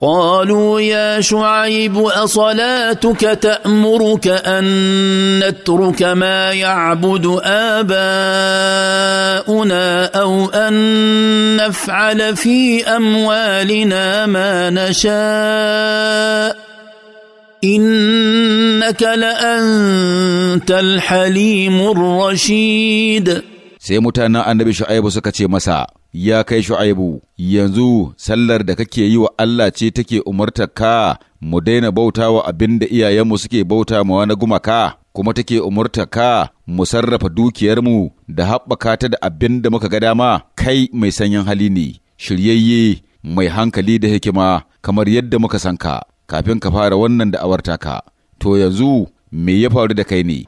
قالوا يا شعيب اصلاتك تامرك ان نترك ما يعبد اباؤنا او ان نفعل في اموالنا ما نشاء انك لانت الحليم الرشيد sai ان نبي شعيب سكتي مساء ya kai shu'aibu yanzu sallar da kake yi wa Allah ce take umartar ka mu daina bauta wa abin da iyayenmu suke bauta ma na gumaka kuma take umarta ka mu sarrafa dukiyarmu da haɓaka ta da abin da muka ga dama kai mai sanyin hali ne shiryayye mai hankali da hikima kamar yadda muka san ka kafin ka fara wannan da'awar taka to yanzu me ya faru da kai ne